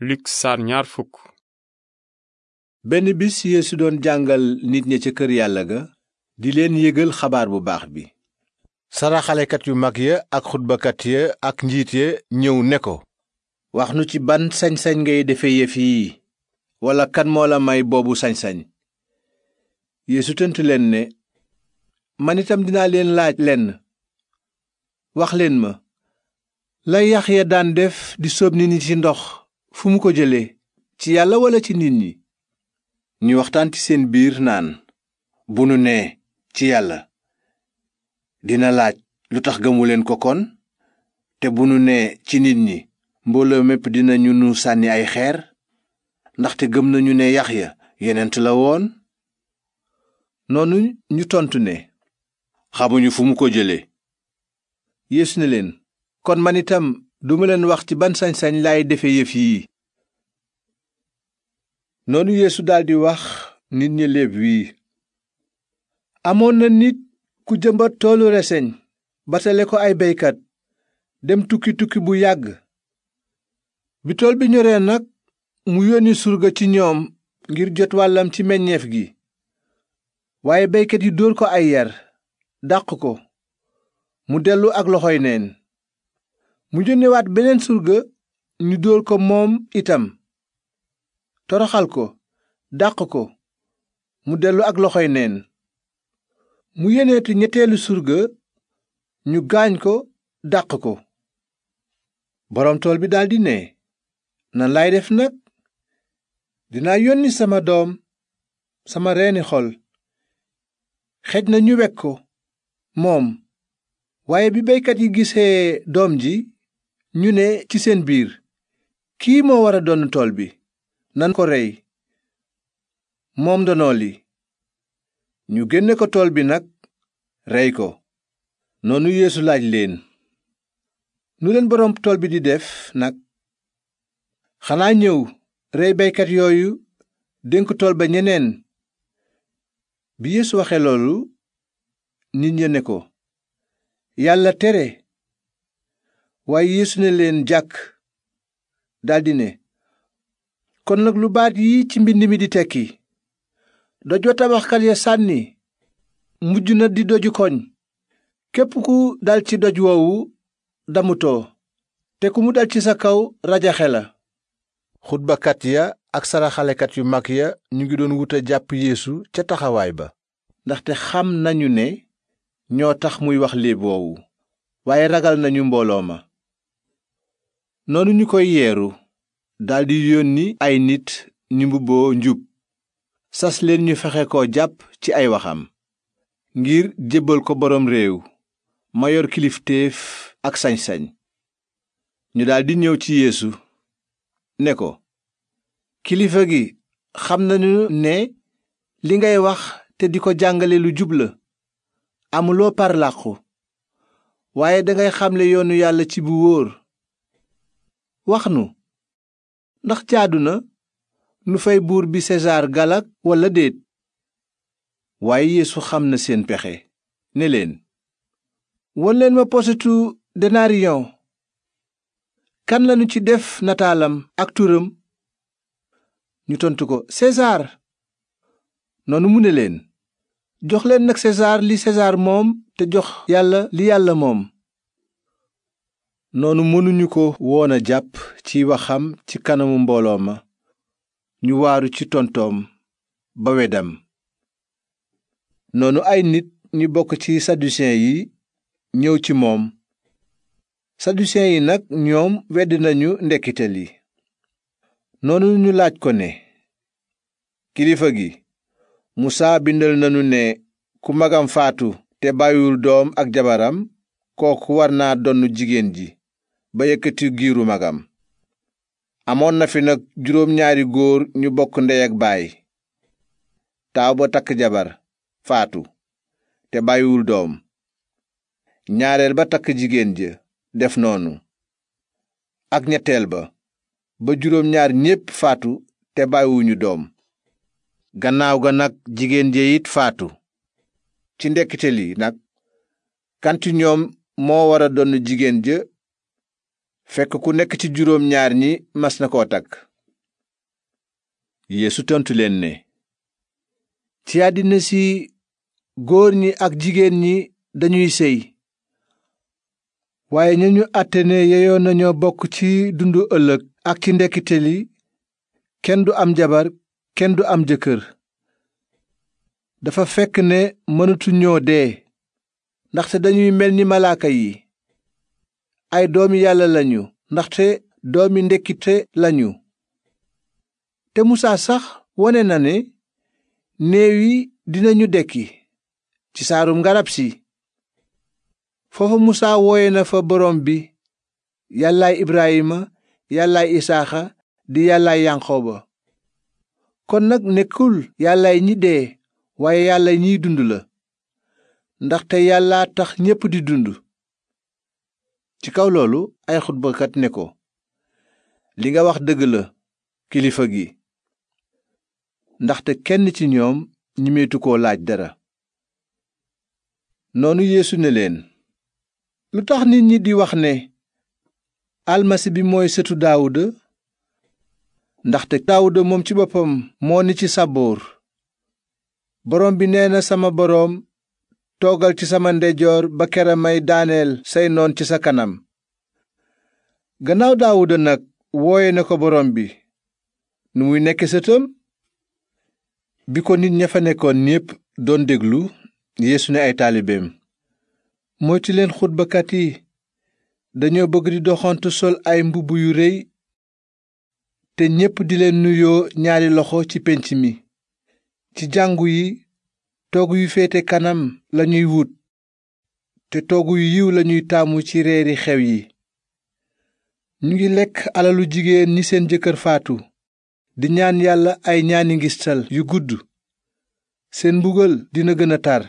Luk saar ñaar benn bis yeesu doon jàngal nit ña ca kër yàlla ga di leen yëgal xabaar bu baax bi saraxalekat yu mag ya ak xutbakat ya ak njiit ya ñëw ne ko wax nu ci ban sañsañ ngay defe yëf yi walla kan moo la may boobu sañsañ sañ tënt leen ne man itam dinaa leen laaj lenn waxleen ma la yax ya daan def di sóob nit ñi ci ndox fu mu ko jëlee ci yàlla walla ci nit ñi ñuy waxtaan ci seen biir naan bu nu nee ci yàlla dina laaj lu tax gëmuleen ko kon te bu nu nee ci nit ñi mbooloo mépp dina ñu nu sànni ay xeer ndaxte gëm nañu ne ya yeneent la woon noonu ñu tontu ne xamuñu fu mu ko jëlee yéesu ne leen kon man itam duma leen wax ci ban sañ-sañ laay defe yëf yii noonu yeesu daldi wax nit ñi léeb wii amoon na nit ku jëmbat toolu reseñ batale ko ay beykat dem tukki tukki bu yàgg bi tool bi ñoree nag mu yónni surga ci ñoom ngir jot wàllam ci meññeef gi waaye beykat yi dóor ko ay yar dàq ko mu dellu ak loxoy neen mu yónnewaat beneen surga ñu dóor ko moom itam toroxal ko dàq ko mu dellu ak loxoy neen mu yeneeti ñetteelu surga ñu gaañ ko dàq ko boroom tool bi daldi ne nan laay def nag dinaa yónni sama doom sama reeni xol xej na ñu wek ko moom waaye bi baykat yi gisee doom ji ñu ne ci seen biir kii moo war a donn tool bi nan ko rey moom ndono li ñu génne ko tool bi nag rey ko noonu yéesu laaj leen nu leen boroom tool bi di def nag xanaa ñëw rey baykat yooyu dénk tool ba ñeneen bi yeesu waxe loolu nit ña ne ko yàlla tere waaye yeesu ne leen jàkk daldi ne kon nag lu baat yi ci mbind mi di tekki doj wa tabaxkat ya sànni mujj na di doju koñ képp ku dal ci doj woowu damutoo te ku mu dal ci sa kaw rajaxe la xutbakat ya ak saraxalekat yu mag ya ñu ngi doon wuta jàpp yéesu ca taxawaay ba ndaxte xam nañu ne ñoo tax muy wax léeb woowu waaye ragal nañu mbooloo ma noonu ñu koy yeeru daldi yónni ay nit ñu mbubboo njub sas ñu fexe ko jàpp ci ay waxam ngir jëbal ko boroom réew mayor kilifteef ak sañsañ ñu daldi ñëw ci yeesu ne ko kilifa gi xam nañu ne li ngay wax te di ko jàngale lu jub la amuloo parlàqu waaye dangay xamle yoonu yàlla ci bu wóor wax nu ndax jaadu na nu fay buur bi sesaar galak walla déet waaye yeesu xam na seen pexe ne leen won ma posetu denariyon kan lanu ci def nataalam ak turam ñu tontu ko sesaar noonu mu ne leen jox leen nag sesaar li sesaar moom te jox yàlla li yàlla moom noonu mënuñu ko woona jàpp ci waxam ci kanamu mbooloo ma ñu waaru ci tontoom ba wedam noonu ay nit ñu bokk ci sadduseen yi ñëw ci moom sadduseen yi nag ñoom wedd nañu ndekkite li noonu ñu laaj ko ne kilifa gi musaa bindal nañu ne ku magam faatu te bàyyiwul doom ak jabaram kooku war naa donn jigéen ji ba giiru magam amoon na fi nag juróom ñaari góor ñu bokk ndey ak baay taaw ba takk jabar faatu te bàyyiwul doom ñaareel ba takk jigéen ja def noonu ak ñetteel ba ba juróom ñaar ñépp faatu te bàyyiwuñu doom gannaaw ga nag jigéen ja faatu ci ndekkite li nag kan ñoom moo war a donn jigéen ja fekk ku nekk ci juróom ñi mas na koo takk yeesu leen ne ci àddina si góor ñi ak jigéen ñi dañuy séy waaye ña ñu àtte ne yeyoo nañoo bokk ci dundu ëllëg ak ci ndekkite li kenn du am jabar kenn du am jëkkër dafa fekk ne mënatuñoo dee ndaxte dañuy mel ni malaaka yi ay doomi yàlla lañu ndaxte doomi ndekkite lañu te musaa sax wone na ne néew yi dinañu dekki ci saarum garab si foofu musaa wooye na fa boroom bi yàllaay ibrahima yàllaay isaaxa di yàllaay yanqooba kon nag nekkul yàllaay ñi dee waaye yàlla ñiy dund la ndaxte yàlla tax ñépp di dund ci kaw loolu ay xutbakat ne ko li nga wax dëgg la kilifa gi ndaxte kenn ci ñoom ñimeetu koo laaj dara noonu yeesu ne leen lu tax nit ñi di wax ne almasi bi mooy sëtu daawuda ndaxte daawuda moom ci boppam moo ni ci saboor borom bi nee na sama boroom toogal ci sama ndeyjoor ba kera may daaneel say noon ci sa kanam gannaaw daawuda nag wooye na ko borom bi nu muy nekke sëtam bi ko nit ña fa nekkoon ñépp doon déglu yeesu ne ay taalibeem moytu leen xutbakat yi dañoo bëgg di doxantu sol ay mbubb yu rëy te ñépp di leen nuyoo ñaari loxo ci pénc mi ci jàngu yi toogu yu féete kanam lañuy wut te toogu yu yiw lañuy taamu ci reeri xew yi ñu ngi lekk alalu jigéen ñi seen jëkkër faatu di ñaan yàlla ay ñaani ngistal yu gudd seen mbugal dina gën a tar